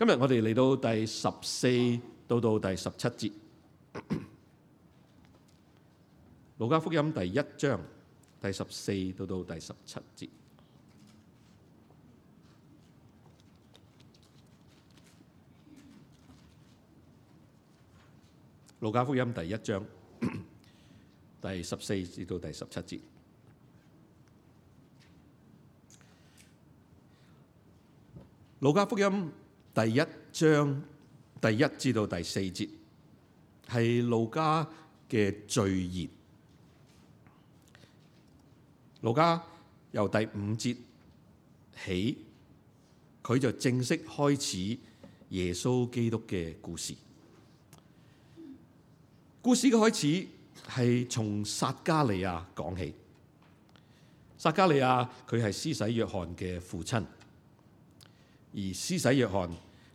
今日我哋嚟到第十四到到第十七節，《路加福音》第一章第十四到到第十七節，《路加福音》第一章第十四至到第十七節，《路加福音》。第一章第一至到第四節係路加嘅序言。路加由第五節起，佢就正式開始耶穌基督嘅故事。故事嘅開始係從撒加利亞講起。撒加利亞佢係施洗約翰嘅父親。而施洗約翰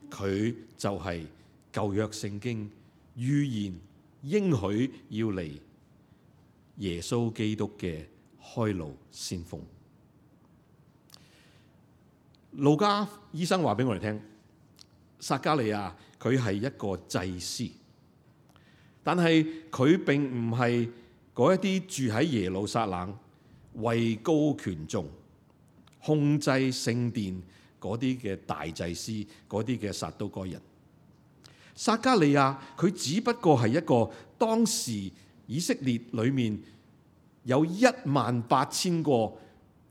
佢就係舊約聖經預言應許要嚟，耶穌基督嘅開路先鋒。路加醫生話俾我哋聽，撒加利亞佢係一個祭司，但係佢並唔係嗰一啲住喺耶路撒冷、位高權重、控制聖殿嗰啲嘅大祭司，嗰啲嘅撒都該人，撒加利亞佢只不過係一個當時以色列裏面有一萬八千個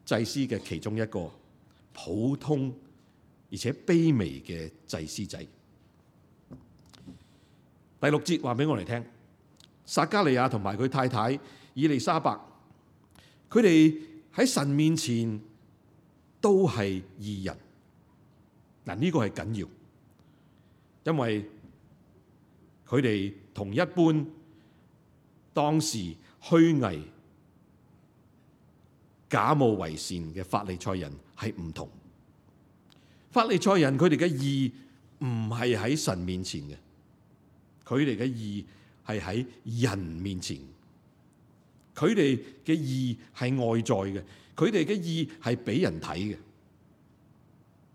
祭司嘅其中一個普通而且卑微嘅祭司仔。第六節話俾我哋聽，撒加利亞同埋佢太太以利沙伯，佢哋喺神面前都係義人。嗱呢個係緊要，因為佢哋同一般當時虛偽、假冒為善嘅法利賽人係唔同。法利賽人佢哋嘅義唔係喺神面前嘅，佢哋嘅義係喺人面前，佢哋嘅義係外在嘅，佢哋嘅義係俾人睇嘅。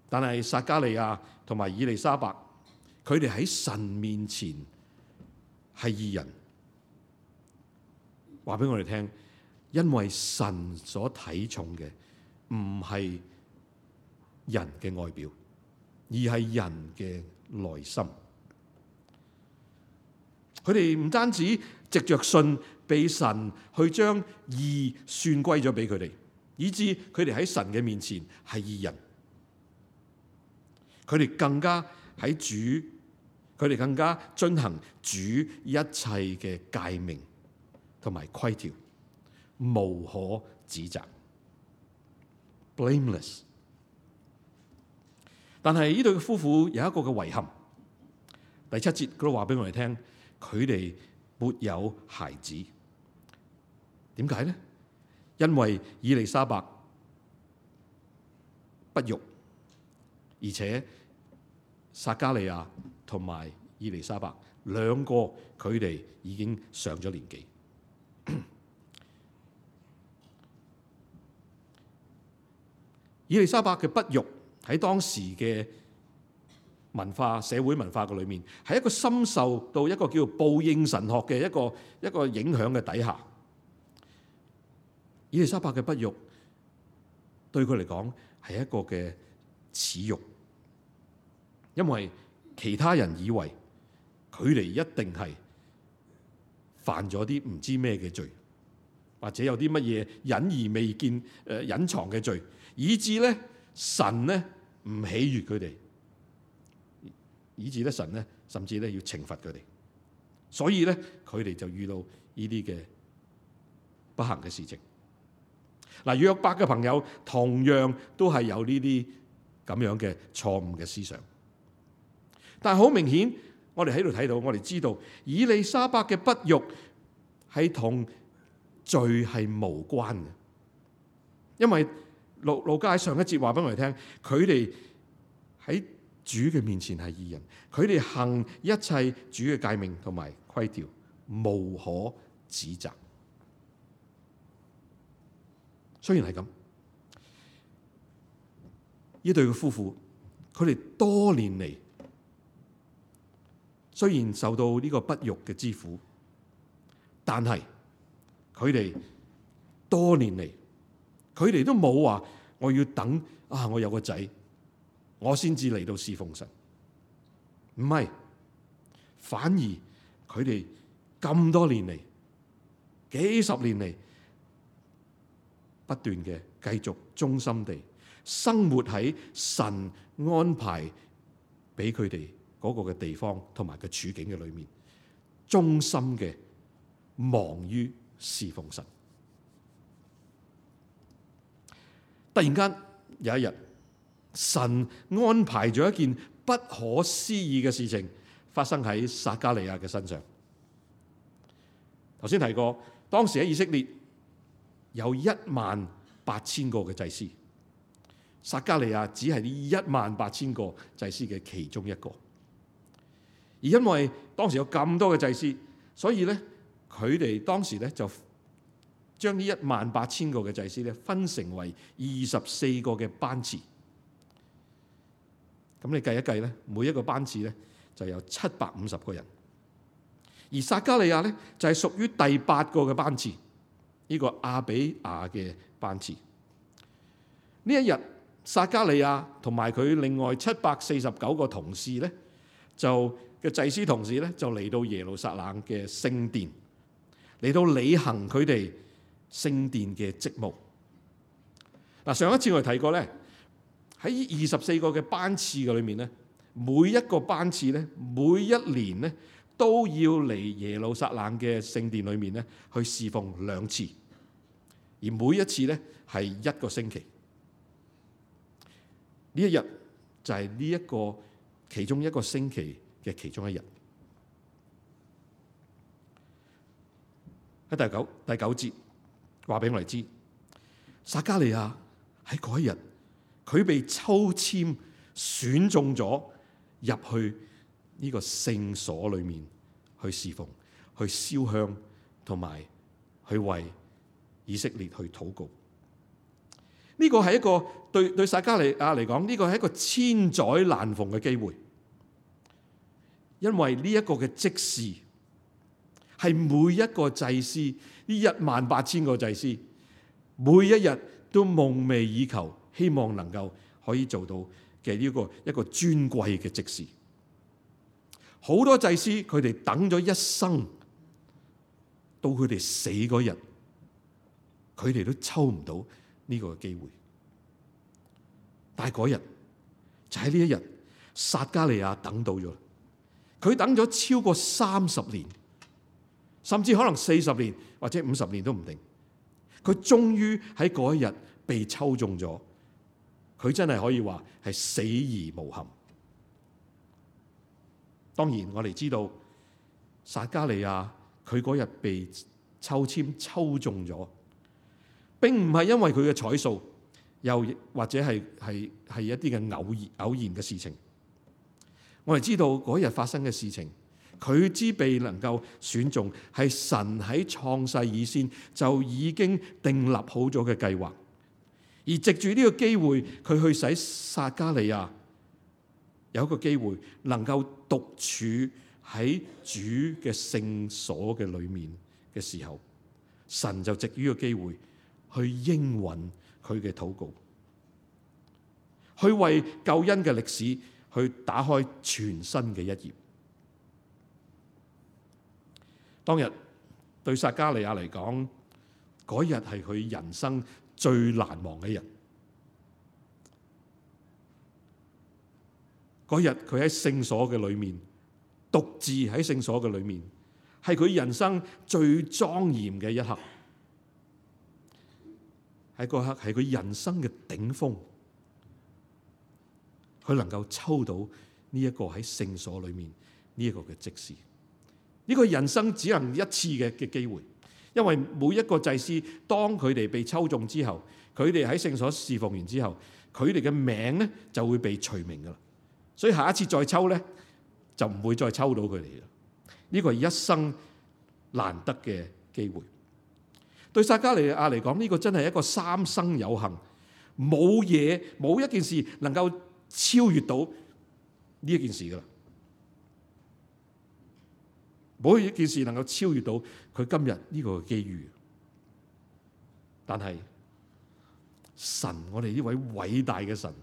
但係撒加利亞同埋伊利沙伯，佢哋喺神面前係異人。話俾我哋聽，因為神所睇重嘅唔係人嘅外表，而係人嘅內心。佢哋唔單止藉着信被神去將義算歸咗俾佢哋，以至佢哋喺神嘅面前係異人。佢哋更加喺主，佢哋更加遵行主一切嘅誡命同埋規條，無可指責 （blameless）。但係呢對夫婦有一個嘅遺憾，第七節佢都話俾我哋聽，佢哋沒有孩子。點解咧？因為以利沙伯不育。而且撒迦利亞同埋伊麗莎白兩個，佢哋已經上咗年紀。 伊麗莎白嘅不育喺當時嘅文化、社會文化嘅裏面，係一個深受到一個叫做報應神學嘅一個一個影響嘅底下。伊麗莎白嘅不育對佢嚟講係一個嘅。使因為其他人以為佢哋一定係犯咗啲唔知咩嘅罪，或者有啲乜嘢隱而未見誒、呃、隱藏嘅罪，以至咧神咧唔喜悅佢哋，以至咧神咧甚至咧要懲罰佢哋，所以咧佢哋就遇到呢啲嘅不幸嘅事情。嗱，約伯嘅朋友同樣都係有呢啲。咁樣嘅錯誤嘅思想，但係好明顯，我哋喺度睇到，我哋知道以利沙伯嘅不育係同罪係無關嘅，因為路路加喺上一節話俾我哋聽，佢哋喺主嘅面前係義人，佢哋行一切主嘅誡命同埋規條，無可指責。雖然係咁。呢對嘅夫婦，佢哋多年嚟雖然受到呢個不育嘅之苦，但係佢哋多年嚟，佢哋都冇話我要等啊，我有個仔，我先至嚟到侍奉神。唔係，反而佢哋咁多年嚟，幾十年嚟，不斷嘅繼續忠心地，生活喺神安排俾佢哋嗰個嘅地方同埋嘅處境嘅裏面，忠心嘅忙於侍奉神。突然間有一日，神安排咗一件不可思議嘅事情發生喺撒加利亞嘅身上。頭先提過，當時喺以色列有一萬八千個嘅祭司。撒加利亞只係呢一萬八千個祭司嘅其中一個，而因為當時有咁多嘅祭司，所以咧佢哋當時咧就將呢一萬八千個嘅祭司咧分成為二十四個嘅班次，咁你計一計咧，每一個班次咧就有七百五十個人，而撒加利亞咧就係、是、屬於第八個嘅班次，呢、這個亞比雅嘅班次呢一日，撒加利亞同埋佢另外七百四十九個同事咧，就嘅祭司同事咧，就嚟到耶路撒冷嘅聖殿，嚟到履行佢哋聖殿嘅職務。嗱，上一次我哋睇過咧，喺二十四個嘅班次嘅裏面咧，每一個班次咧，每一年咧都要嚟耶路撒冷嘅聖殿裏面咧去侍奉兩次，而每一次咧係一個星期。呢一日就係呢一個其中一個星期嘅其中一日。喺第九、第九節話俾我哋知，撒加利亞喺嗰一日，佢被抽籤選中咗入去呢個聖所裏面去侍奉，去燒香同埋去為以色列去禱告。呢、這個係一個對對撒迦利亞嚟講，呢、這個係一個千載難逢嘅機會，因為呢一個嘅職事係每一個祭司，呢一萬八千個祭司，每一日都夢寐以求，希望能夠可以做到嘅呢個一個尊貴嘅職事。好多祭司佢哋等咗一生，到佢哋死嗰日，佢哋都抽唔到。呢、這個機會，但係嗰日就喺呢一日，撒迦利亞等到咗，佢等咗超過三十年，甚至可能四十年或者五十年都唔定。佢終於喺嗰一日被抽中咗，佢真係可以話係死而無憾。當然，我哋知道撒迦利亞佢嗰日被抽籤抽中咗。並唔係因為佢嘅彩數，又或者係係係一啲嘅偶然偶然嘅事情。我哋知道嗰日發生嘅事情，佢之被能夠選中，係神喺創世以先就已經訂立好咗嘅計劃。而藉住呢個機會，佢去使撒加利亞有一個機會能夠獨處喺主嘅聖所嘅裏面嘅時候，神就藉於個機會。去應允佢嘅禱告，去為救恩嘅歷史去打開全新嘅一頁。當日對撒加利亞嚟講，嗰日係佢人生最難忘嘅日。嗰日佢喺聖所嘅裏面，獨自喺聖所嘅裏面，係佢人生最莊嚴嘅一刻。喺嗰刻係佢人生嘅頂峰，佢能夠抽到呢一個喺聖所裏面呢一、這個嘅祭司。呢、這個人生只能一次嘅嘅機會，因為每一個祭司當佢哋被抽中之後，佢哋喺聖所侍奉完之後，佢哋嘅名咧就會被除名噶啦。所以下一次再抽咧就唔會再抽到佢哋啦。呢、這個係一生難得嘅機會。對撒加利亞嚟講，呢、呢個真係一個三生有幸，冇嘢，冇一件事能夠超越到呢一件事噶啦，冇一件事能夠超越到佢今日呢個機遇。但係神，我哋呢位偉大嘅神，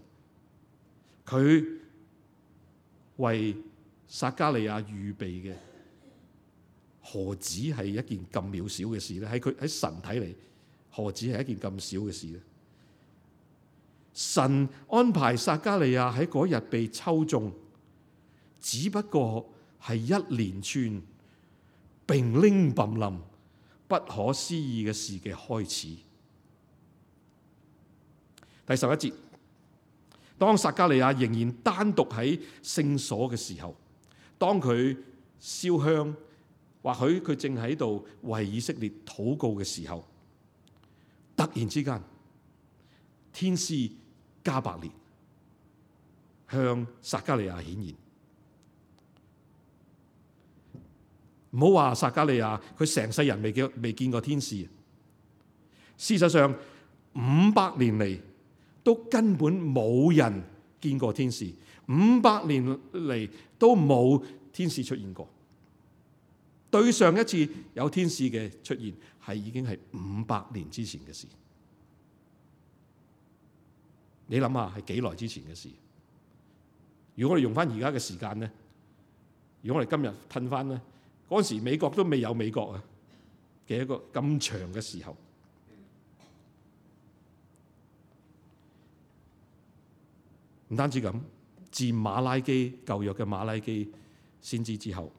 佢為撒加利亞預備嘅。何止係一件咁渺小嘅事咧？喺佢喺神睇嚟，何止係一件咁小嘅事咧？神安排撒加利亞喺嗰日被抽中，只不過係一連串并拎冧不可思議嘅事嘅開始。第十一節，當撒加利亞仍然單獨喺聖所嘅時候，當佢燒香。或許佢正喺度為以色列禱告嘅時候，突然之間，天使加百列向撒加利亞顯現。唔好話撒加利亞，佢成世人未見未見過天使。事實上，五百年嚟，都根本冇人見過天使，五百年嚟都冇天使出現過。對上一次有天使嘅出現，係已經係五百年之前嘅事。你諗下係幾耐之前嘅事？如果我哋用翻而家嘅時間咧，如果我哋今日褪翻咧，嗰時美國都未有美國啊嘅一個咁長嘅時候。唔單止咁，自馬拉基舊約嘅馬拉基先知之後。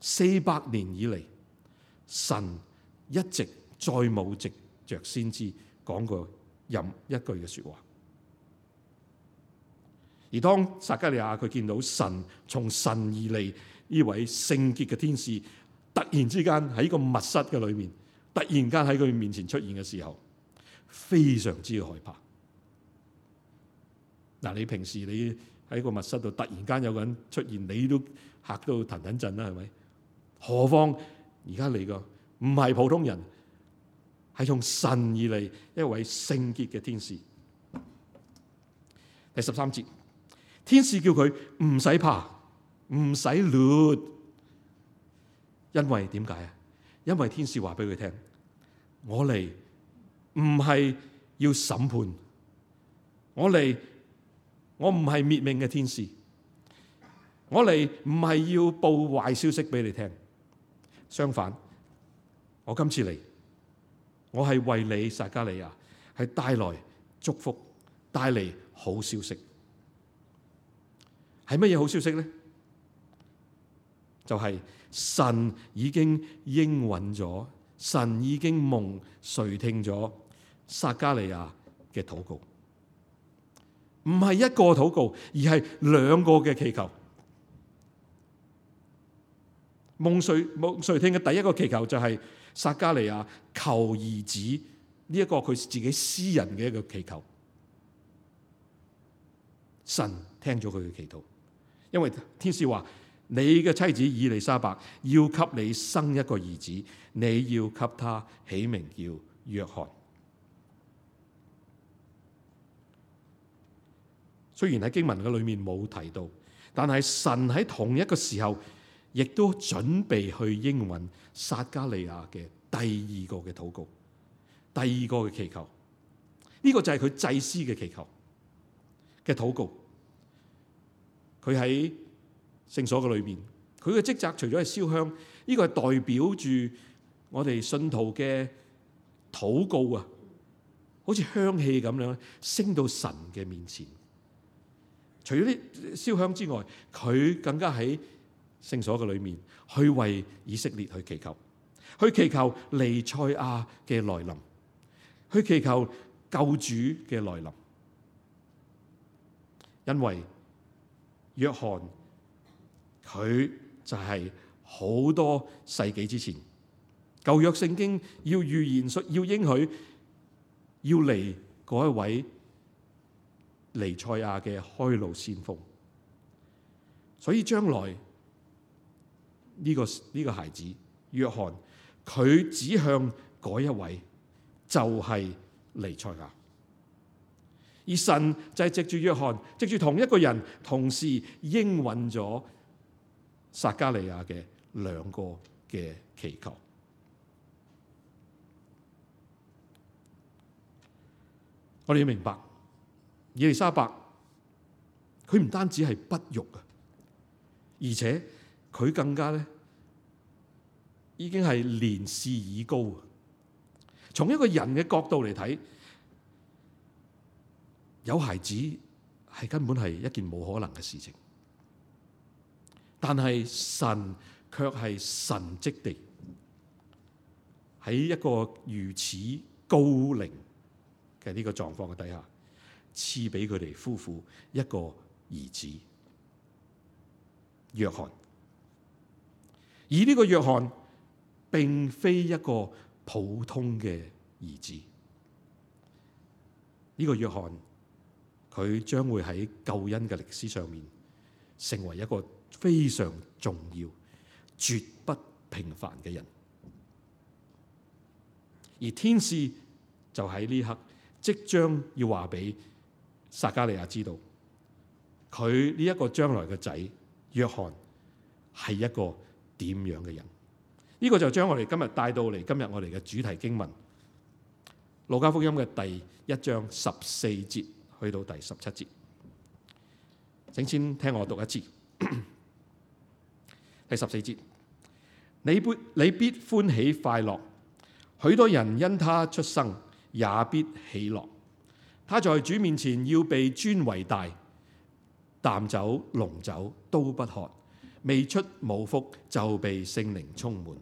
四百年以嚟，神一直再冇藉着先知講過任一句嘅説話。而當撒加利亞佢見到神從神而嚟呢位聖潔嘅天使，突然之間喺個密室嘅裏面，突然間喺佢面前出現嘅時候，非常之害怕。嗱，你平時你喺個密室度突然間有個人出現，你都嚇到騰騰震啦，係咪？何況而家嚟個唔係普通人，係從神而嚟一位聖潔嘅天使。第十三節，天使叫佢唔使怕，唔使亂，因為點解啊？因為天使話俾佢聽，我嚟唔係要審判，我嚟我唔係滅命嘅天使，我嚟唔係要報壞消息俾你聽。相反，我今次嚟，我係為你撒加利亞係帶來祝福，帶嚟好消息。係乜嘢好消息咧？就係、是、神已經應允咗，神已經蒙垂聽咗撒加利亞嘅禱告。唔係一個禱告，而係兩個嘅祈求。蒙垂、蒙垂聽嘅第一個祈求就係撒迦利亞求兒子呢一，這個佢自己私人嘅一個祈求，神聽咗佢嘅祈禱，因為天使話你嘅妻子以利沙伯要給你生一個兒子，你要給他起名叫約翰。雖然喺經文嘅裏面冇提到，但係神喺同一個時候。亦都準備去應允撒加利亞嘅第二個嘅禱告，第二個嘅祈求。呢、這個就係佢祭司嘅祈求嘅禱告。佢喺聖所嘅裏邊，佢嘅職責除咗係燒香，呢、這個係代表住我哋信徒嘅禱告啊，好似香氣咁樣升到神嘅面前。除咗啲燒香之外，佢更加喺。聖所嘅裏面，去為以色列去祈求，去祈求彌賽亞嘅來臨，去祈求救主嘅來臨，因為約翰佢就係好多世紀之前舊約聖經要預言說要應許要嚟嗰一位彌賽亞嘅開路先鋒，所以將來。呢、這個呢、這個孩子約翰，佢指向嗰一位就係、是、彌賽亞，而神就係藉住約翰，藉住同一個人，同時應允咗撒迦利亞嘅兩個嘅祈求。我哋要明白，以利沙伯佢唔單止係不育啊，而且。佢更加咧，已經係年事已高。從一個人嘅角度嚟睇，有孩子係根本係一件冇可能嘅事情。但係神卻係神蹟地喺一個如此高齡嘅呢個狀況嘅底下，賜俾佢哋夫婦一個兒子約翰。若而呢個約翰並非一個普通嘅兒子，呢個約翰佢將會喺救恩嘅歷史上面成為一個非常重要、絕不平凡嘅人，而天使就喺呢刻即將要話俾撒加利亞知道，佢呢一個將來嘅仔約翰係一個。點樣嘅人？呢、這個就將我哋今日帶到嚟今日我哋嘅主題經文《路加福音》嘅第一章十四節去到第十七節，請先聽我讀一次。第十四節：你必你必歡喜快樂，許多人因他出生也必喜樂。他在主面前要被尊為大，淡酒濃酒都不喝。未出母腹就被聖靈充滿，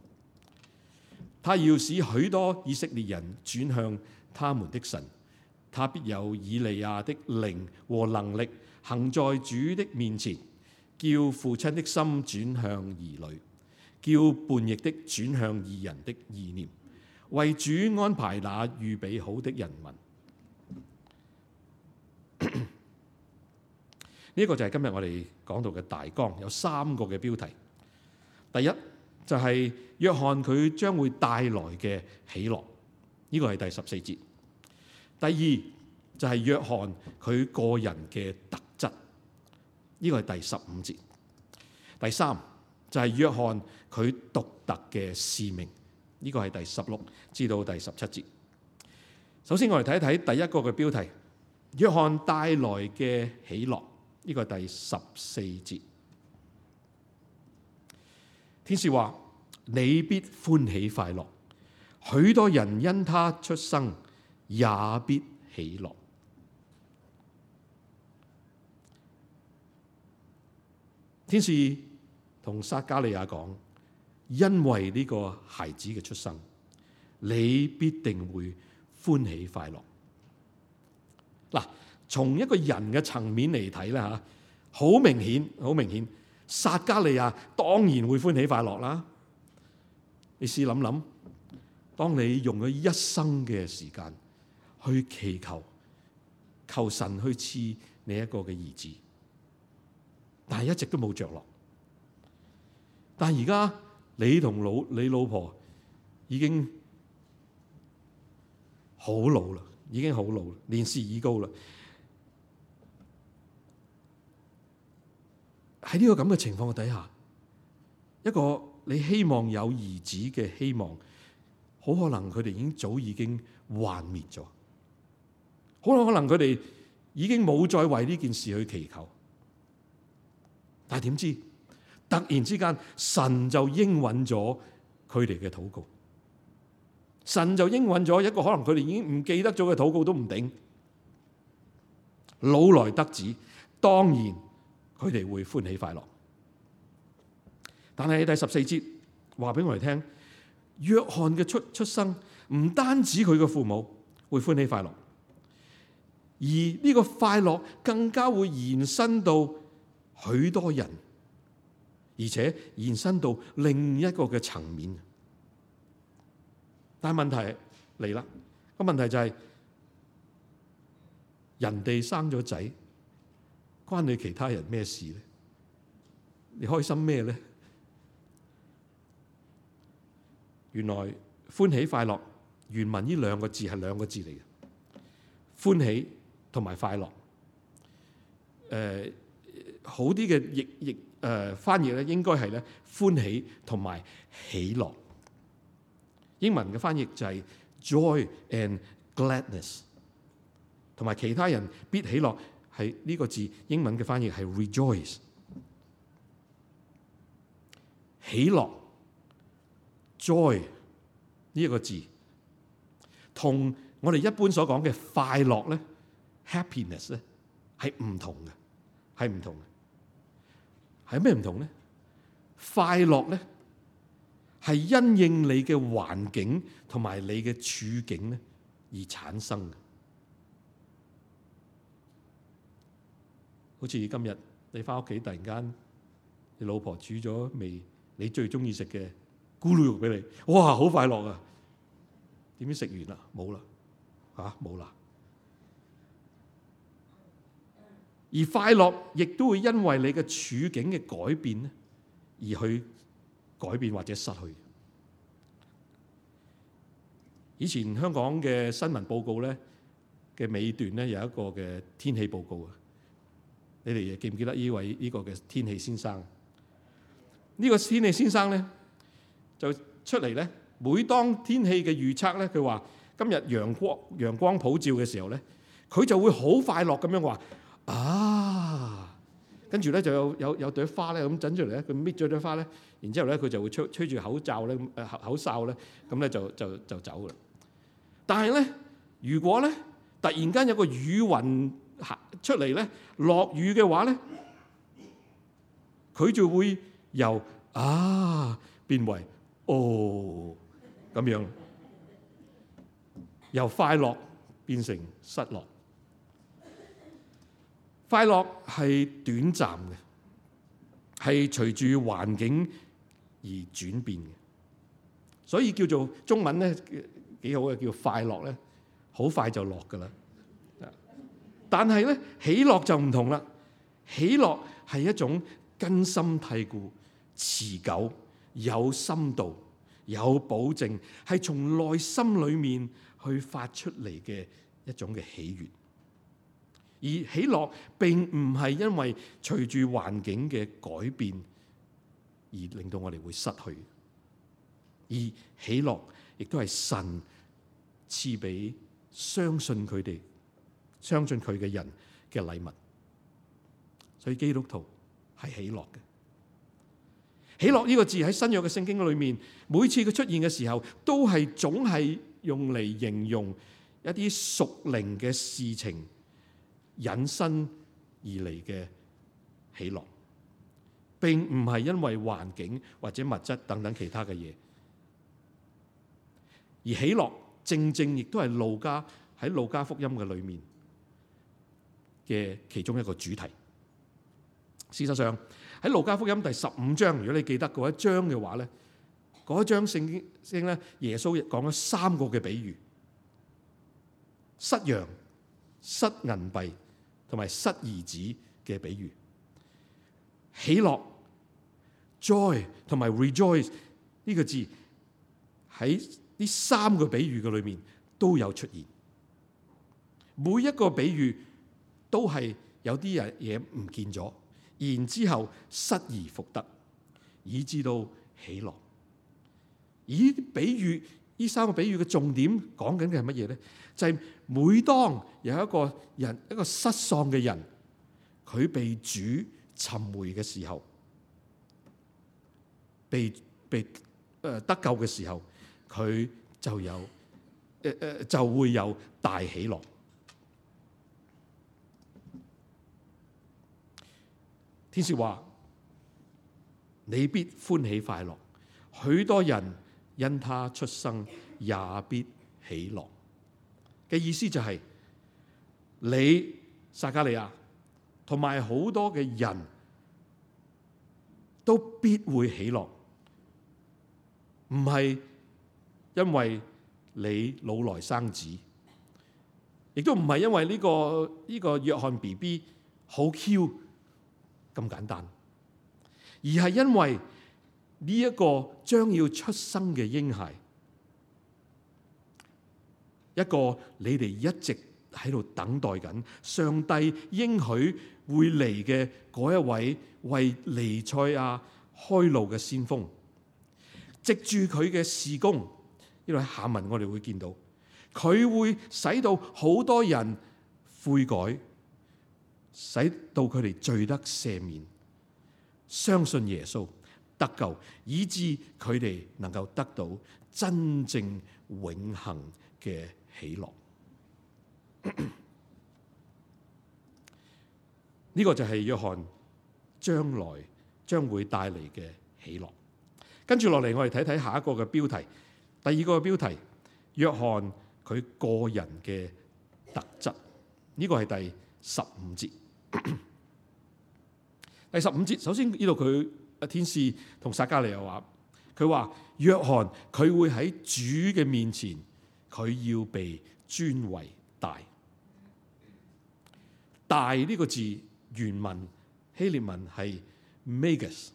他要使許多以色列人轉向他們的神，他必有以利亞的靈和能力行在主的面前，叫父親的心轉向兒女，叫叛逆的轉向義人的意念，為主安排那預備好的人民。呢個就係今日我哋講到嘅大綱，有三個嘅標題。第一就係約翰佢將會帶來嘅喜樂，呢個係第十四節。第二就係約翰佢個人嘅特質，呢個係第十五節。第三就係約翰佢獨特嘅使命，呢個係第十六至到第十七節。首先我哋睇一睇第一個嘅標題，約翰帶來嘅喜樂。呢、呢個第十四節，天使話：你必歡喜快樂，許多人因他出生也必喜樂。天使同撒加利亞講：因為呢個孩子嘅出生，你必定會歡喜快樂。嗱。從一個人嘅層面嚟睇咧嚇，好明顯，好明顯。撒加利亞當然會歡喜快樂啦。你試諗諗，當你用咗一生嘅時間去祈求，求神去賜你一個嘅兒子，但係一直都冇着落。但係而家你同老你老婆已經好老啦，已經好老啦，年事已高啦。喺呢個咁嘅情況嘅底下，一個你希望有兒子嘅希望，好可能佢哋已，已經早已經幻滅咗，好可能佢哋已經冇再為呢件事去祈求。但係點知，突然之間神就應允咗佢哋嘅禱告，神就應允咗一個可能佢哋已經唔記得咗嘅禱告都唔定，老來得子，當然。佢哋會歡喜快樂，但係喺第十四節話俾我哋聽，約翰嘅出出生唔單止佢嘅父母會歡喜快樂，而呢個快樂更加會延伸到許多人，而且延伸到另一個嘅層面。但係問題嚟啦，個問題就係人哋生咗仔。關你其他人咩事咧？你開心咩咧？原來歡喜快樂原文呢兩個字係兩個字嚟嘅，歡喜同埋快樂。誒、呃、好啲嘅譯譯誒翻譯咧，應該係咧，歡喜同埋喜樂。英文嘅翻譯就係 joy and gladness，同埋其他人必喜樂。係呢個字，英文嘅翻譯係 Rejoice，喜樂 Joy 呢一個字，同我哋一般所講嘅快樂咧，Happiness 咧係唔同嘅，係唔同嘅。係咩唔同咧？快樂咧係因應你嘅環境同埋你嘅處境咧而產生嘅。好似今日你返屋企，突然間你老婆煮咗味你最中意食嘅咕嚕肉俾你，哇！好快樂啊！點知食完啦，冇啦，嚇冇啦。而快樂亦都會因為你嘅處境嘅改變咧，而去改變或者失去。以前香港嘅新聞報告咧嘅尾段咧有一個嘅天氣報告啊。你哋記唔記得呢位呢個嘅天氣先生？呢個天氣先生咧就出嚟咧，每當天氣嘅預測咧，佢話今日陽光陽光普照嘅時候咧，佢就會好快樂咁樣話啊，跟住咧就有有有朵花咧咁整出嚟咧，佢搣咗朵花咧，然之後咧佢就會吹吹住口罩咧誒口哨咧，咁咧就就就走啦。但係咧，如果咧突然間有個雨雲。出嚟咧，落雨嘅話咧，佢就會由啊變為哦咁樣，由快樂變成失落。快樂係短暫嘅，係隨住環境而轉變嘅，所以叫做中文咧幾好嘅叫快樂咧，好快就落噶啦。但係咧，喜樂就唔同啦。喜樂係一種根深蒂固、持久、有深度、有保證，係從內心裏面去發出嚟嘅一種嘅喜悦。而喜樂並唔係因為隨住環境嘅改變而令到我哋會失去，而喜樂亦都係神賜俾相信佢哋，相信佢嘅人嘅禮物，所以基督徒係喜樂嘅。喜樂呢個字喺新約嘅聖經裏面，每次佢出現嘅時候，都係總係用嚟形容一啲屬靈嘅事情引申而嚟嘅喜樂，並唔係因為環境或者物質等等其他嘅嘢，而喜樂正正亦都係路加喺路加福音嘅裏面，嘅其中一個主題，事實上喺路加福音第十五章，如果你記得嗰一章嘅話咧，嗰一章聖經聖經咧，耶穌亦講咗三個嘅比喻：失羊、失銀幣同埋失兒子嘅比喻。喜樂 （joy） 同埋 rejoice 呢個字喺呢三個比喻嘅裏面都有出現，每一個比喻。都係有啲人嘢唔見咗，然之後失而復得，以至到喜樂。咦？比喻呢三個比喻嘅重點講緊嘅係乜嘢咧？就係、是、每當有一個人一個失喪嘅人，佢被主尋回嘅時候，被被誒得救嘅時候，佢就有誒誒就會有大喜樂。天使話：你必歡喜快樂，許多人因他出生也必喜樂。嘅意思就係、是、你撒加利亞同埋好多嘅人都必會喜樂，唔係因為你老來生子，亦都唔係因為呢、這個呢、這個約翰 B B 好 Q。咁簡單，而係因為呢一個將要出生嘅嬰孩，一個你哋一直喺度等待緊、上帝應許會嚟嘅嗰一位為彌賽亞開路嘅先鋒，藉住佢嘅事工，因為下文我哋會見到，佢會使到好多人悔改。使到佢哋罪得赦免，相信耶穌得救，以致佢哋能夠得到真正永恒嘅喜樂。呢、這個就係約翰將來將會帶嚟嘅喜樂。跟住落嚟，我哋睇睇下一個嘅標題，第二個標題，約翰佢個人嘅特質。呢、這個係第十五節。 第十五節，首先呢度佢天使同撒加利又話，佢話約翰佢會喺主嘅面前，佢要被尊為大。大呢個字原文希臘文係 megas，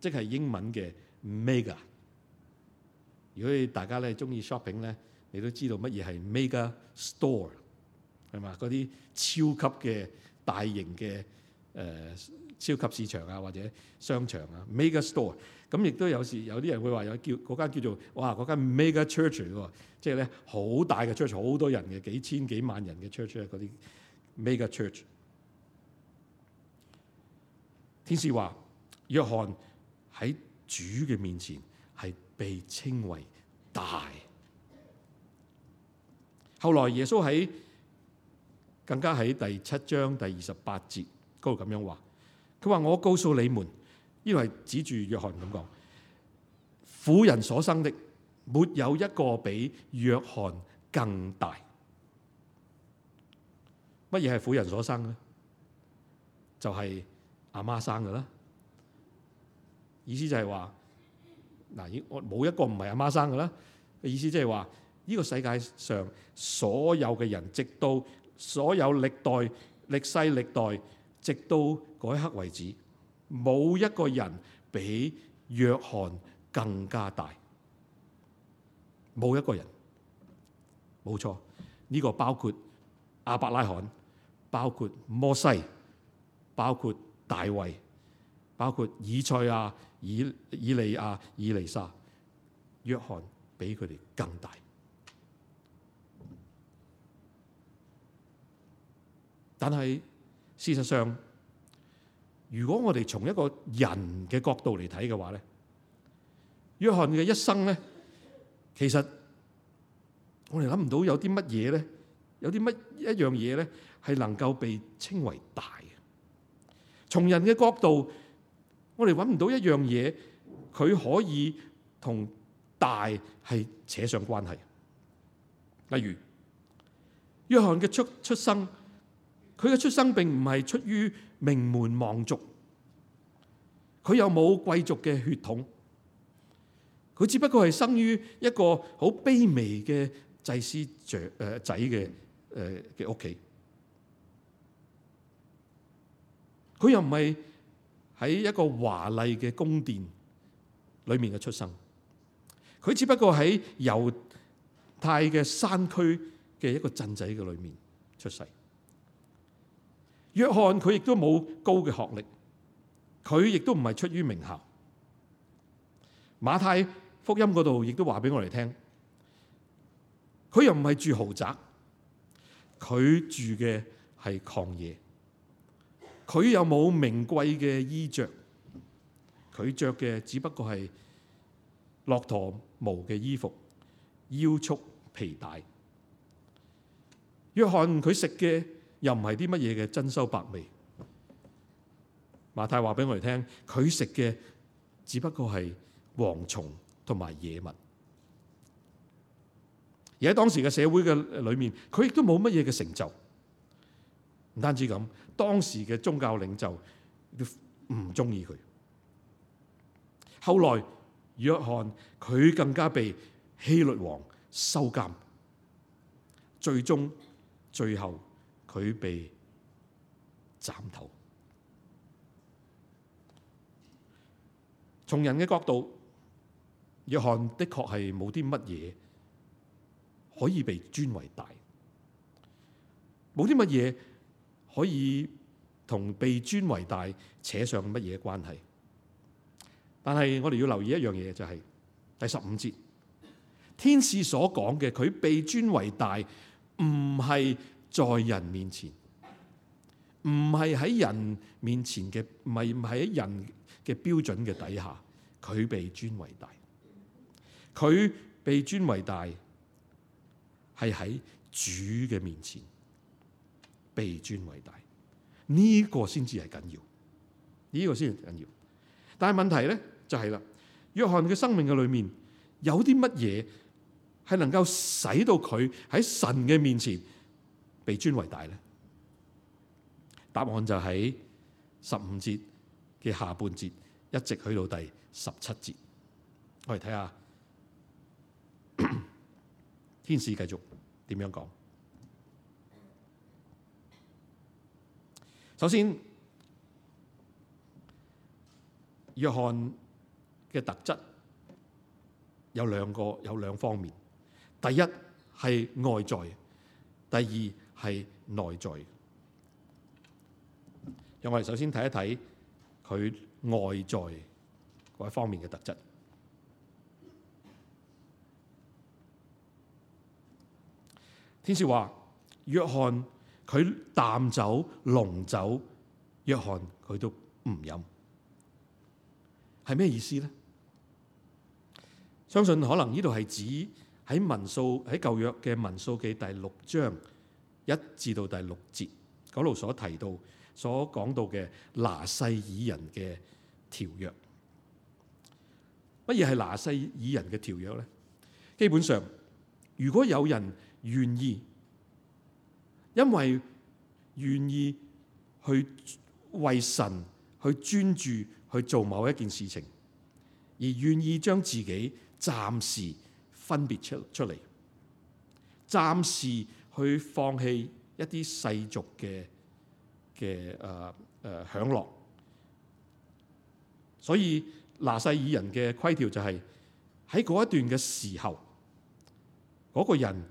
即係英文嘅 mega。如果你大家咧中意 shopping 咧，你都知道乜嘢係 mega store 係嘛，嗰啲超級嘅。大型嘅誒、呃、超級市場啊，或者商場啊，mega store，咁亦都有時有啲人會話有叫嗰間叫做哇嗰間 mega church，即係呢好大嘅 church，好多人嘅幾千幾萬人嘅 church 嗰啲 mega church。天使話：約翰喺主嘅面前係被稱為大。後來耶穌喺更加喺第七章第二十八節嗰度咁樣話，佢話：我告訴你們，呢度係指住約翰咁講，婦人所生的沒有一個比約翰更大。乜嘢係婦人所生呢？就係阿媽生嘅啦。意思就係話，嗱，我冇一個唔係阿媽生嘅啦。意思即係話，呢個世界上所有嘅人，直到所有歷代歷世歷代，直到嗰一刻為止，冇一個人比約翰更加大。冇一個人，冇錯，呢、這個包括亞伯拉罕，包括摩西，包括大衛，包括以賽亞、以以利亞、以利沙，約翰比佢哋更大。但係，事實上，如果我哋從一個人嘅角度嚟睇嘅話咧，約翰嘅一生咧，其實我哋諗唔到有啲乜嘢咧，有啲乜一樣嘢咧，係能夠被稱為大嘅。從人嘅角度，我哋搵唔到一樣嘢，佢可以同大係扯上關係。例如，約翰嘅出出生。佢嘅出生並唔係出於名門望族，佢又冇貴族嘅血統，佢只不過係生於一個好卑微嘅祭司仔嘅嘅屋企，佢又唔係喺一個華麗嘅宮殿裏面嘅出生，佢只不過喺猶太嘅山區嘅一個鎮仔嘅裏面出世。約翰佢亦都冇高嘅學歷，佢亦都唔係出於名校。馬太福音嗰度亦都話俾我哋聽，佢又唔係住豪宅，佢住嘅係曠野，佢又冇名貴嘅衣着，佢着嘅只不過係駱駝毛嘅衣服，腰束皮帶。約翰佢食嘅，又唔係啲乜嘢嘅珍饈百味，馬太話俾我哋聽，佢食嘅只不過係蝗蟲同埋野物。而喺當時嘅社會嘅裏面，佢亦都冇乜嘢嘅成就。唔單止咁，當時嘅宗教領袖都唔中意佢。後來約翰佢更加被希律王收監，最終最後。佢被斬頭。從人嘅角度，約翰的確係冇啲乜嘢可以被尊為大，冇啲乜嘢可以同被尊為大扯上乜嘢關係。但係我哋要留意一樣嘢，就係第十五節天使所講嘅，佢被尊為大，唔係。在人面前，唔係喺人面前嘅，唔係唔喺人嘅標準嘅底下，佢被尊為大。佢被尊為大，係喺主嘅面前被尊為大。呢個先至係緊要，呢個先至緊要。但係問題咧就係啦，約翰嘅生命嘅裏面有啲乜嘢係能夠使到佢喺神嘅面前？被尊為大咧？答案就喺十五節嘅下半節，一直去到第十七節。我哋睇下天使繼續點樣講。首先，約翰嘅特質有兩個，有兩方面。第一係外在，第二。係內在，讓我哋首先睇一睇佢外在嗰一方面嘅特質。天使話：約翰佢淡酒、濃酒，約翰佢都唔飲，係咩意思咧？相信可能呢度係指喺民數，喺舊約嘅民數記第六章。一至到第六節嗰度所提到、所講到嘅拿細耳人嘅條約，乜嘢係拿細耳人嘅條約咧？基本上，如果有人願意，因為願意去為神去專注去做某一件事情，而願意將自己暫時分別出出嚟，暫時。佢放棄一啲世俗嘅嘅誒誒享樂，所以拿細爾人嘅規條就係喺嗰一段嘅時候，嗰個人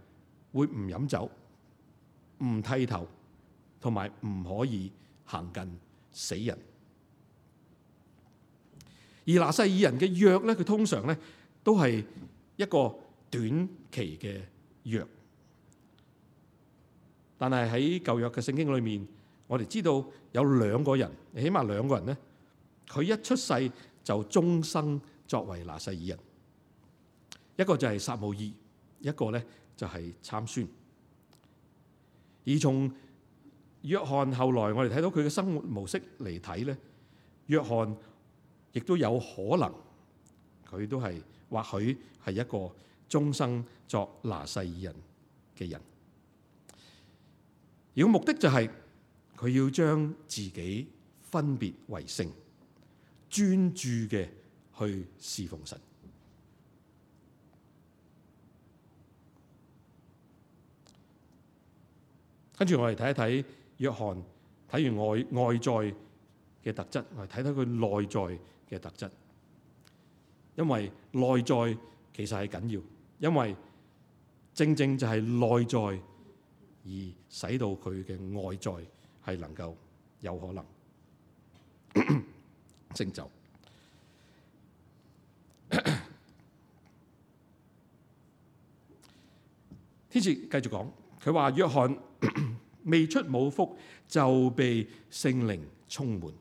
會唔飲酒、唔剃頭，同埋唔可以行近死人。而拿細爾人嘅約咧，佢通常咧都係一個短期嘅約。但係喺舊約嘅聖經裏面，我哋知道有兩個人，起碼兩個人呢，佢一出世就終生作為拿細耳人。一個就係撒母耳，一個呢就係參孫。而從約翰後來我哋睇到佢嘅生活模式嚟睇呢，約翰亦都有可能佢都係或許係一個終生作拿細耳人嘅人。個目的就係佢要將自己分別為聖，專注嘅去侍奉神。跟住我嚟睇一睇約翰，睇完外外在嘅特質，我嚟睇睇佢內在嘅特質。因為內在其實係緊要，因為正正就係內在。而使到佢嘅外在係能夠有可能成就。天使繼續講，佢話：約翰未出母腹就被聖靈充滿，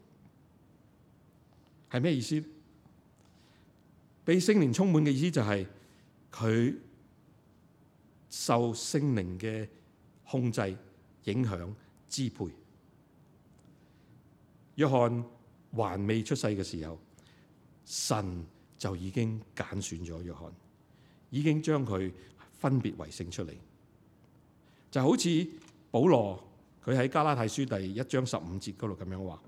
係咩意思？俾聖靈充滿嘅意思就係佢受聖靈嘅。控制、影響、支配。約翰還未出世嘅時候，神就已經揀選咗約翰，已經將佢分別為聖出嚟，就好似保羅佢喺加拉太書第一章十五節嗰度咁樣話，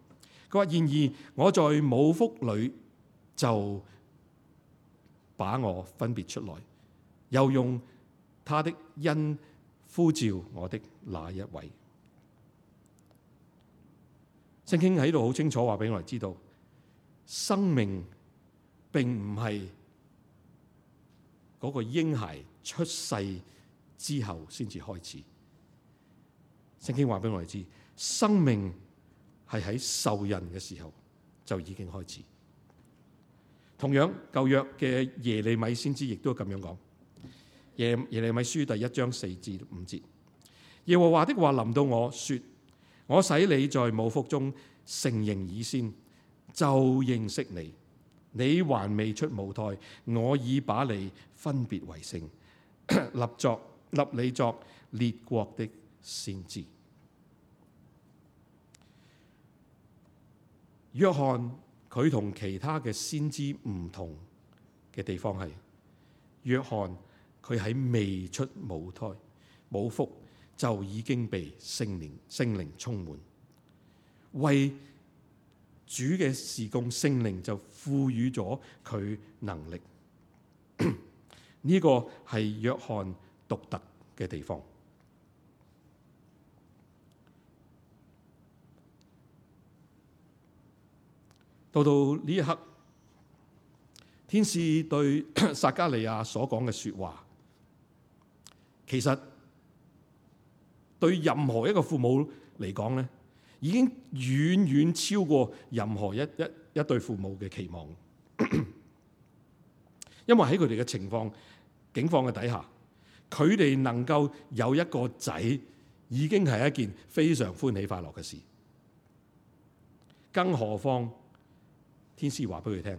佢話：然而我在母腹裏就把我分別出來，又用他的恩。呼召我的那一位，聖經喺度好清楚話俾我哋知道，生命並唔係嗰個嬰孩出世之後先至開始。聖經話俾我哋知，生命係喺受孕嘅時候就已經開始。同樣，舊約嘅耶利米先知亦都咁樣講。耶耶利米書第一章四至五節，耶和華的話臨到我說：我使你在母腹中成形以先，就認識你。你還未出母胎，我已把你分別為聖， 立作立你作列國的先知。約翰佢同其他嘅先知唔同嘅地方係，約翰。佢喺未出母胎、母腹，就已經被聖靈聖靈充滿，為主嘅時共聖靈就賦予咗佢能力。呢、這個係約翰獨特嘅地方。到到呢一刻，天使對撒加利亞所講嘅説話。其實對任何一個父母嚟講咧，已經遠遠超過任何一一一對父母嘅期望。因為喺佢哋嘅情況境況嘅底下，佢哋能夠有一個仔，已經係一件非常歡喜快樂嘅事。更何況天使話俾佢聽，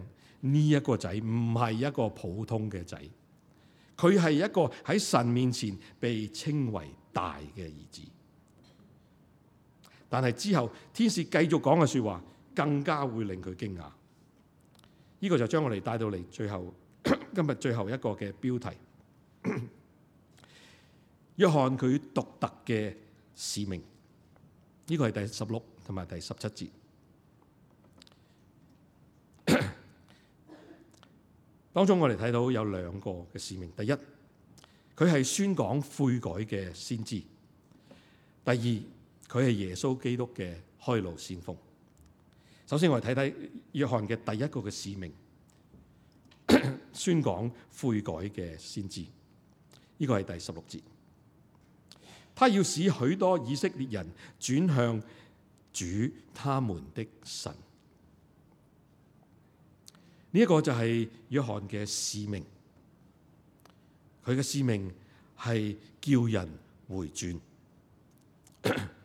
呢、這、一個仔唔係一個普通嘅仔。佢係一個喺神面前被稱為大嘅兒子，但係之後天使繼續講嘅說話更加會令佢驚訝。呢個就將我哋帶到嚟最後今日最後一個嘅標題：約翰佢獨特嘅使命。呢個係第十六同埋第十七節。當中我哋睇到有兩個嘅使命，第一，佢係宣講悔改嘅先知；第二，佢係耶穌基督嘅開路先鋒。首先我哋睇睇約翰嘅第一個嘅使命，宣講悔改嘅先知。呢個係第十六節，他要使許多以色列人轉向主，他們的神。呢、個就係約翰嘅使命，佢嘅使命係叫人回轉。乜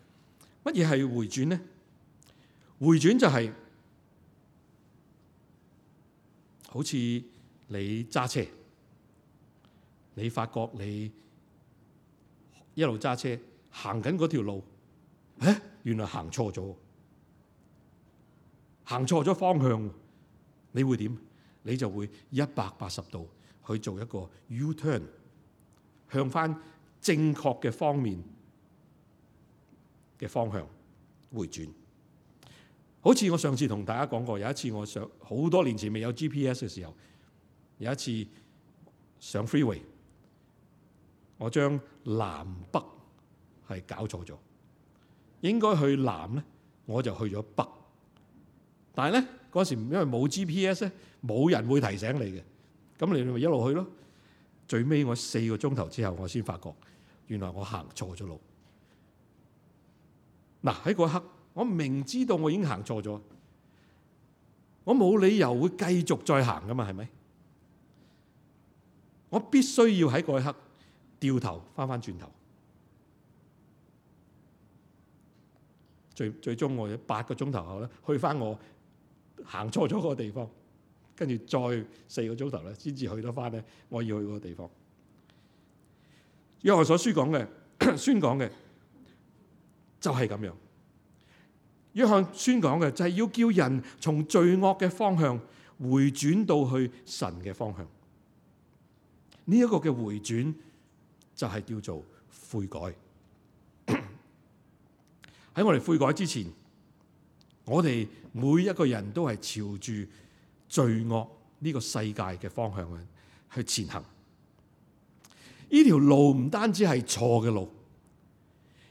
嘢係回轉咧？回轉就係好似你揸車，你發覺你一路揸車行緊嗰條路，誒，原來行錯咗，行錯咗方向。你會點？你就會一百八十度去做一個 U turn，向翻正確嘅方面嘅方向回轉。好似我上次同大家講過，有一次我上好多年前未有 GPS 嘅時候，有一次上 freeway，我將南北係搞錯咗，應該去南咧，我就去咗北。但係咧嗰時，因為冇 GPS 咧，冇人會提醒你嘅，咁你咪一路去咯。最尾我四個鐘頭之後，我先發覺原來我行錯咗路。嗱，喺嗰刻，我明知道我已經行錯咗，我冇理由會繼續再行噶嘛，係咪？我必須要喺嗰一刻掉頭翻翻轉頭。最最終我哋八個鐘頭後咧，去翻我。行錯咗嗰個地方，跟住再四個鐘頭咧，先至去得翻咧。我要去嗰個地方。約我所咳咳宣講嘅宣講嘅就係、是、咁樣。約翰宣講嘅就係、是、要叫人從罪惡嘅方向回轉到去神嘅方向。呢、這、一個嘅回轉就係叫做悔改。喺我哋悔改之前。我哋每一個人都係朝住罪惡呢個世界嘅方向去前行。呢條路唔單止係錯嘅路，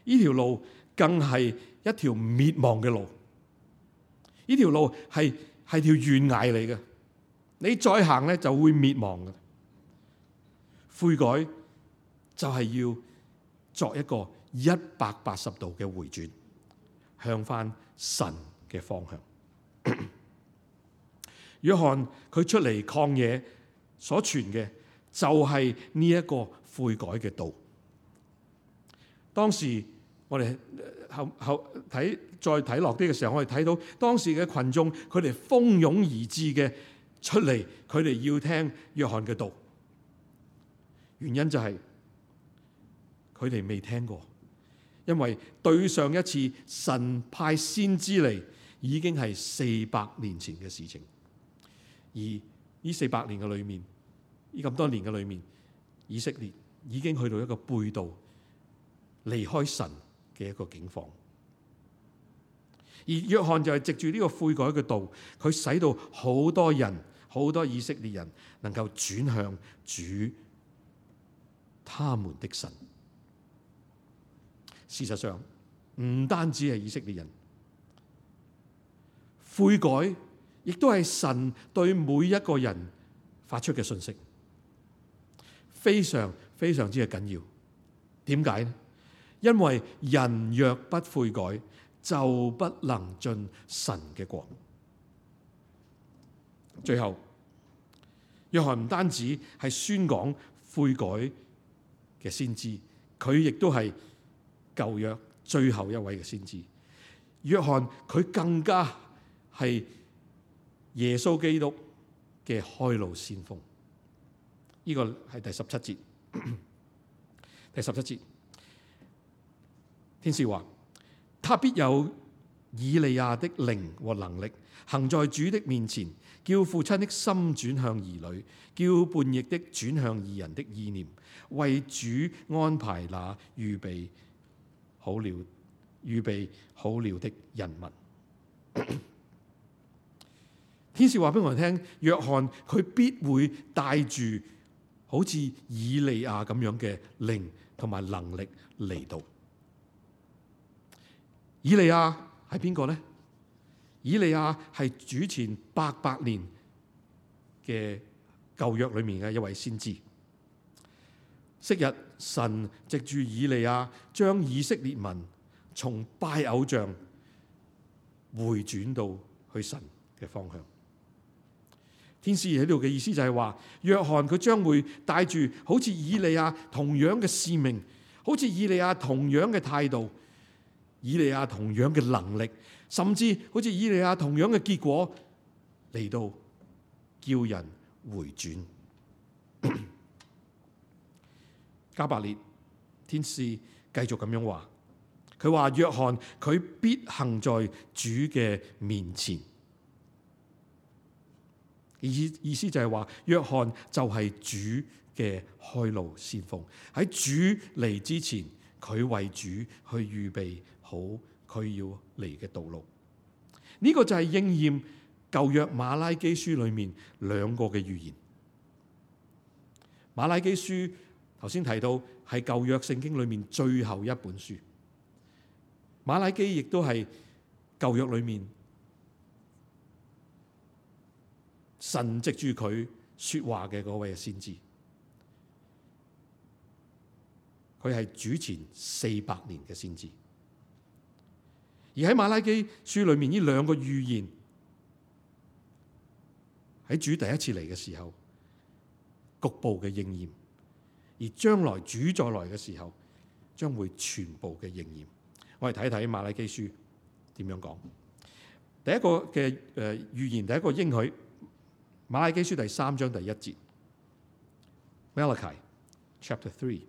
呢條路更係一條滅亡嘅路。呢條路係係條懸崖嚟嘅，你再行咧就會滅亡嘅。悔改就係要作一個一百八十度嘅回轉，向翻神嘅方向，咳咳，約翰佢出嚟曠野所傳嘅就係呢一個悔改嘅道。當時我哋後後睇再睇落啲嘅時候，我哋睇到當時嘅群眾，佢哋蜂擁而至嘅出嚟，佢哋要聽約翰嘅道。原因就係佢哋未聽過，因為對上一次神派先知嚟。已經係四百年前嘅事情，而呢四百年嘅裏面，呢咁多年嘅裏面，以色列已經去到一個背道離開神嘅一個境況，而約翰就係藉住呢個悔改嘅道，佢使到好多人，好多以色列人能夠轉向主，他們的神。事實上，唔單止係以色列人。悔改亦都係神對每一個人發出嘅信息，非常非常之係緊要。點解？因為人若不悔改，就不能進神嘅國。最後，約翰唔單止係宣講悔改嘅先知，佢亦都係舊約最後一位嘅先知。約翰佢更加。係耶穌基督嘅開路先鋒，呢、這個係第十七節。第十七節，天使話：他必有以利亞的靈和能力，行在主的面前，叫父親的心轉向兒女，叫叛逆的轉向義人的意念，為主安排那預備好了、預備好了的人民。天使話俾我哋聽，約翰佢必會帶住好似以利亞咁樣嘅靈同埋能力嚟到。以利亞係邊個呢？以利亞係主前八百年嘅舊約裏面嘅一位先知。昔日神藉住以利亞，將以色列民從拜偶像回轉到去神嘅方向。天使喺度嘅意思就係話，約翰佢將會帶住好似以利亞同樣嘅使命，好似以利亞同樣嘅態度，以利亞同樣嘅能力，甚至好似以利亞同樣嘅結果嚟到叫人回轉。加百列天使繼續咁樣話，佢話約翰佢必行在主嘅面前。意思就係話，約翰就係主嘅開路先鋒，喺主嚟之前，佢為主去預備好佢要嚟嘅道路。呢個就係應驗舊約馬拉基書裏面兩個嘅預言。馬拉基書頭先提到係舊約聖經裏面最後一本書，馬拉基亦都係舊約裏面。神藉住佢說話嘅嗰位先知，佢係主前四百年嘅先知，而喺馬拉基書裏面呢兩個預言喺主第一次嚟嘅時候局部嘅應驗，而將來主再來嘅時候將會全部嘅應驗。我哋睇睇馬拉基書點樣講，第一個嘅誒預言，第一個應許。馬拉基書第三章第一節，Malachi Chapter Three，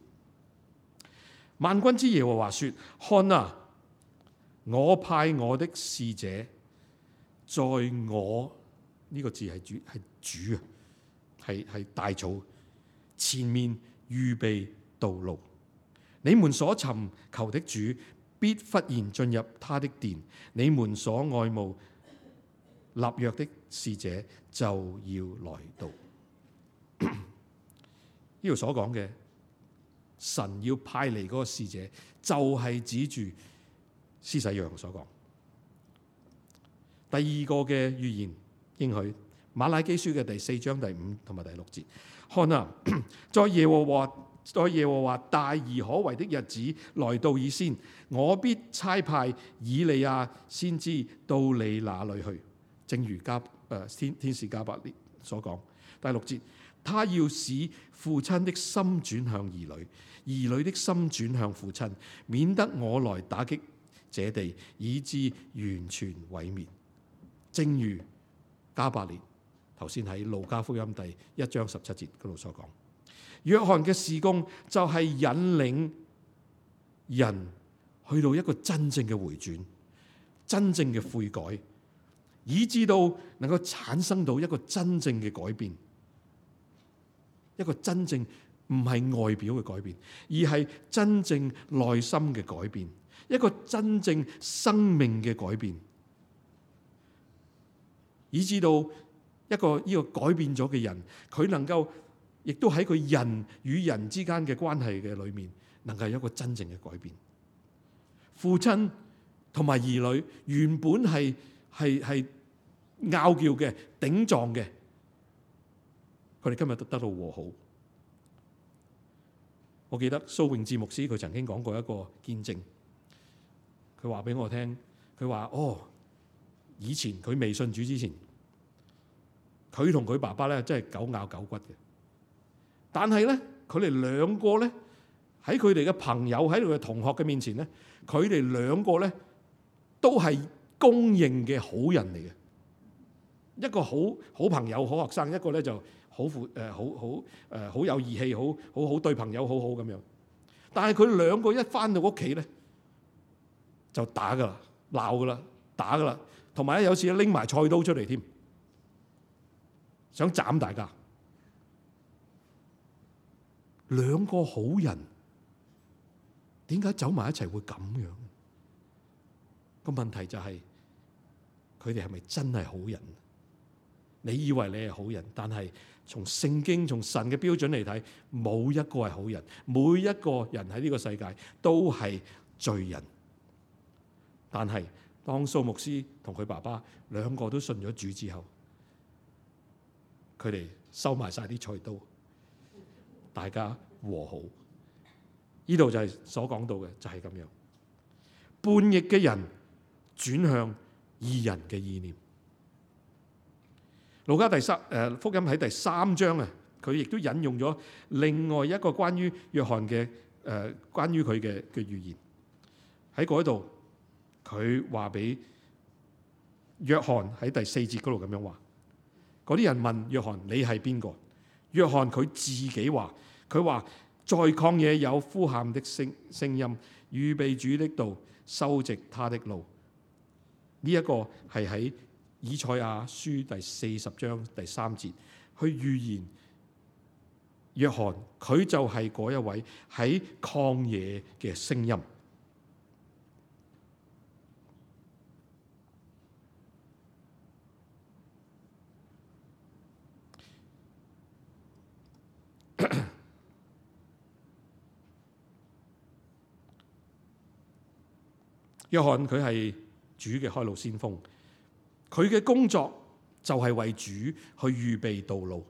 萬軍之耶和華說：看啊，我派我的使者在我呢、這個字係主係主啊，係係大草前面預備道路，你們所尋求的主必忽然進入他的殿，你們所愛慕。立約的使者就要來到，呢度 所講嘅神要派嚟嗰個使者，就係、是、指住施洗約翰所講。第二個嘅預言應許馬拉基書嘅第四章第五同埋第六節，看啊，在耶和華在耶和華大而可畏的日子來到以先，我必差派以利亞先知到你那裏去。正如加誒、呃、天天使加百列所講，第六節，他要使父親的心轉向兒女，兒女的心轉向父親，免得我來打擊這地，以致完全毀滅。正如加百列頭先喺路加福音第一章十七節嗰度所講，約翰嘅事工就係引領人去到一個真正嘅回轉，真正嘅悔改。以致到能夠產生到一個真正嘅改變，一個真正唔係外表嘅改變，而係真正內心嘅改變，一個真正生命嘅改變。以致到一個呢個改變咗嘅人，佢能夠亦都喺佢人與人之間嘅關係嘅裏面，能夠有一個真正嘅改變。父親同埋兒女原本係係係。拗叫嘅、頂撞嘅，佢哋今日都得到和好。我記得蘇永智牧師，佢曾經講過一個見證，佢話俾我聽，佢話哦，以前佢未信主之前，佢同佢爸爸咧真係狗咬狗骨嘅，但係咧佢哋兩個咧喺佢哋嘅朋友喺佢嘅同學嘅面前咧，佢哋兩個咧都係公認嘅好人嚟嘅。一個好好朋友、好學生，一個咧就好負誒、好好誒、好有義氣、好好好對朋友好好咁樣。但係佢兩個一返到屋企咧，就打㗎喇、鬧㗎喇、打㗎喇，同埋咧有時拎埋菜刀出嚟添，想斬大家。兩個好人點解走埋一齊會咁樣？個問題就係，佢哋係咪真係好人？你以為你係好人，但係從聖經、從神嘅標準嚟睇，冇一個係好人。每一個人喺呢個世界都係罪人。但係當蘇牧師同佢爸爸兩個都信咗主之後，佢哋收埋晒啲菜刀，大家和好。呢度就係所講到嘅，就係咁樣。叛逆嘅人轉向義人嘅意念。《路加第三，誒《福音》喺第三章啊，佢亦都引用咗另外一個關於約翰嘅誒、呃，關於佢嘅嘅預言喺嗰度，佢話俾約翰喺第四節嗰度咁樣話，嗰啲人問約翰你係邊個？約翰佢自己話，佢話在曠野有呼喊的聲聲音，預備主的道，修直他的路。呢、這、一個係喺以賽亞書第四十章第三節，去預言約翰，佢就係嗰一位喺曠野嘅聲音。約 翰佢係主嘅開路先鋒。佢嘅工作就係為主去預備道路，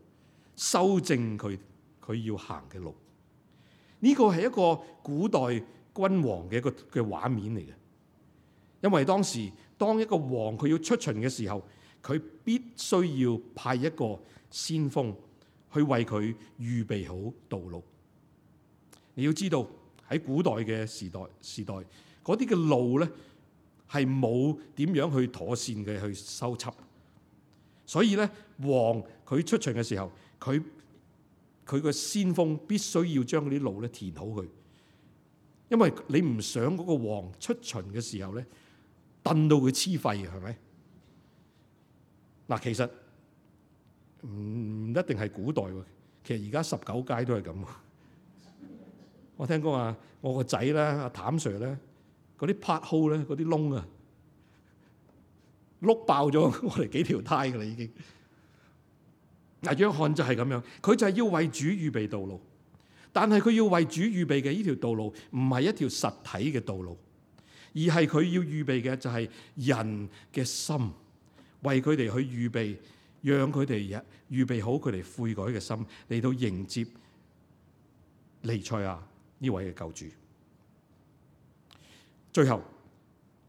修正佢佢要行嘅路。呢個係一個古代君王嘅一個嘅畫面嚟嘅。因為當時當一個王佢要出巡嘅時候，佢必須要派一個先鋒去為佢預備好道路。你要知道喺古代嘅時代時代，嗰啲嘅路呢。係冇點樣去妥善嘅去收葺。所以咧，王佢出巡嘅時候，佢佢個先鋒必須要將啲路咧填好佢，因為你唔想嗰個王出巡嘅時候咧，燉到佢黐肺。係咪？嗱，其實唔唔一定係古代喎，其實而家十九街都係咁喎。我聽講話，我個仔咧，阿譚 Sir 咧。嗰啲拍號咧，嗰啲窿啊，碌爆咗我哋幾條胎噶啦已經。嗱、 啊，約翰就係咁樣，佢就係要為主預備道路，但係佢要為主預備嘅呢條道路，唔係一條實體嘅道路，而係佢要預備嘅就係人嘅心，為佢哋去預備，讓佢哋預備好佢哋悔改嘅心，嚟到迎接彌賽亞呢位嘅救主。最後，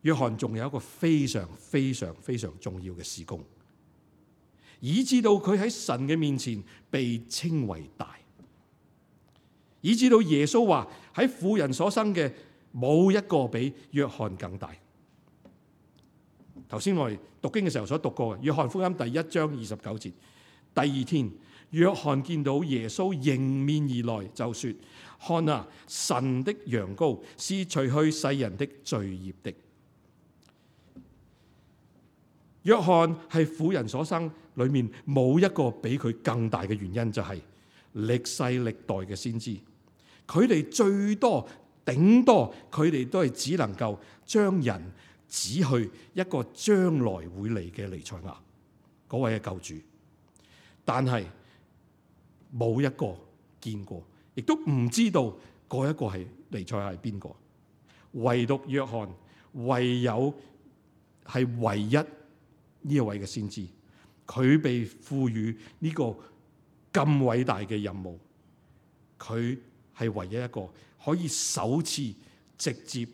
約翰仲有一個非常非常非常重要嘅事工，以致到佢喺神嘅面前被稱為大，以致到耶穌話喺婦人所生嘅冇一個比約翰更大。頭先我哋讀經嘅時候所讀過嘅《約翰福音》第一章二十九節，第二天約翰見到耶穌迎面而來，就說。看啊，神的羊羔是除去世人的罪孽的。約翰係婦人所生，裏面冇一個比佢更大嘅原因，就係歷世歷代嘅先知，佢哋最多頂多，佢哋都係只能夠將人指去一個將來會嚟嘅彌賽亞，嗰位嘅救主，但係冇一個見過。亦都唔知道嗰一個係彌賽亞係邊個，唯獨約翰唯有係唯一呢一位嘅先知，佢被賦予呢個咁偉大嘅任務，佢係唯一一個可以首次直接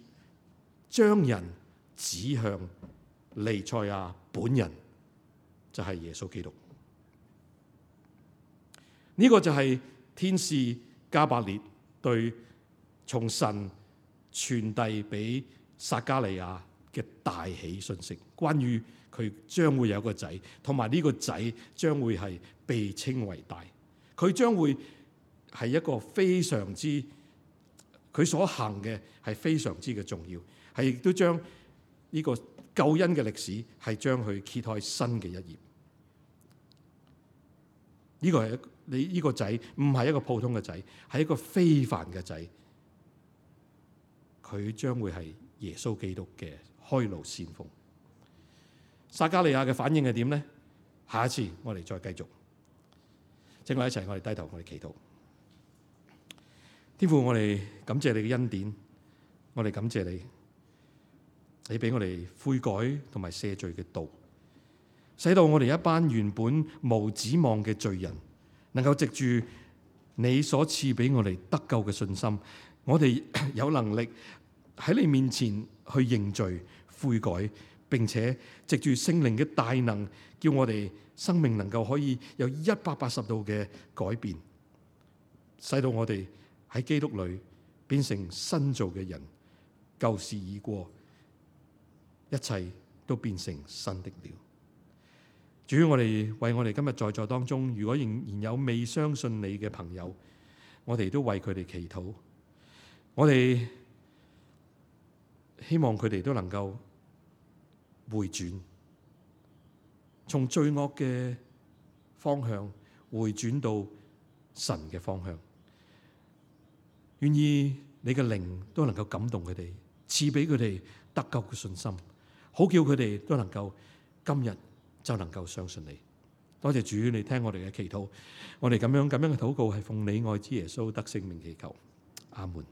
將人指向彌賽亞本人，就係耶穌基督。呢個就係天使，加百列對從神傳遞俾撒加利亞嘅大喜訊息，關於佢將會有個仔，同埋呢個仔將會係被稱為大，佢將會係一個非常之佢所行嘅係非常之嘅重要，係亦都將呢個救恩嘅歷史係將佢揭開新嘅一頁。呢、這個係你呢個仔唔係一個普通嘅仔，係一個非凡嘅仔。佢將會係耶穌基督嘅開路先鋒。撒加利亞嘅反應係點咧？下一次我哋再繼續。請我一齊，我哋低頭，我哋祈禱。天父，我哋感謝你嘅恩典，我哋感謝你，你俾我哋悔改同埋赦罪嘅道。使到我哋一班原本無指望嘅罪人，能夠藉住你所賜俾我哋得救嘅信心，我哋有能力喺你面前去認罪悔改，並且藉住聖靈嘅大能，叫我哋生命能夠可以有一百八十度嘅改變，使到我哋喺基督裏變成新造嘅人，舊事已過，一切都變成新的了。主，我哋為我哋今日在座當中，如果仍然有未相信你嘅朋友，我哋都為佢哋祈禱。我哋希望佢哋都能夠回轉，從罪惡嘅方向回轉到神嘅方向。願意你嘅靈都能夠感動佢哋，賜俾佢哋得救嘅信心，好叫佢哋都能夠今日。就能夠相信你。多謝主，你聽我哋嘅祈禱，我哋咁樣咁樣嘅禱告係奉你愛子耶穌得聖名祈求。阿門。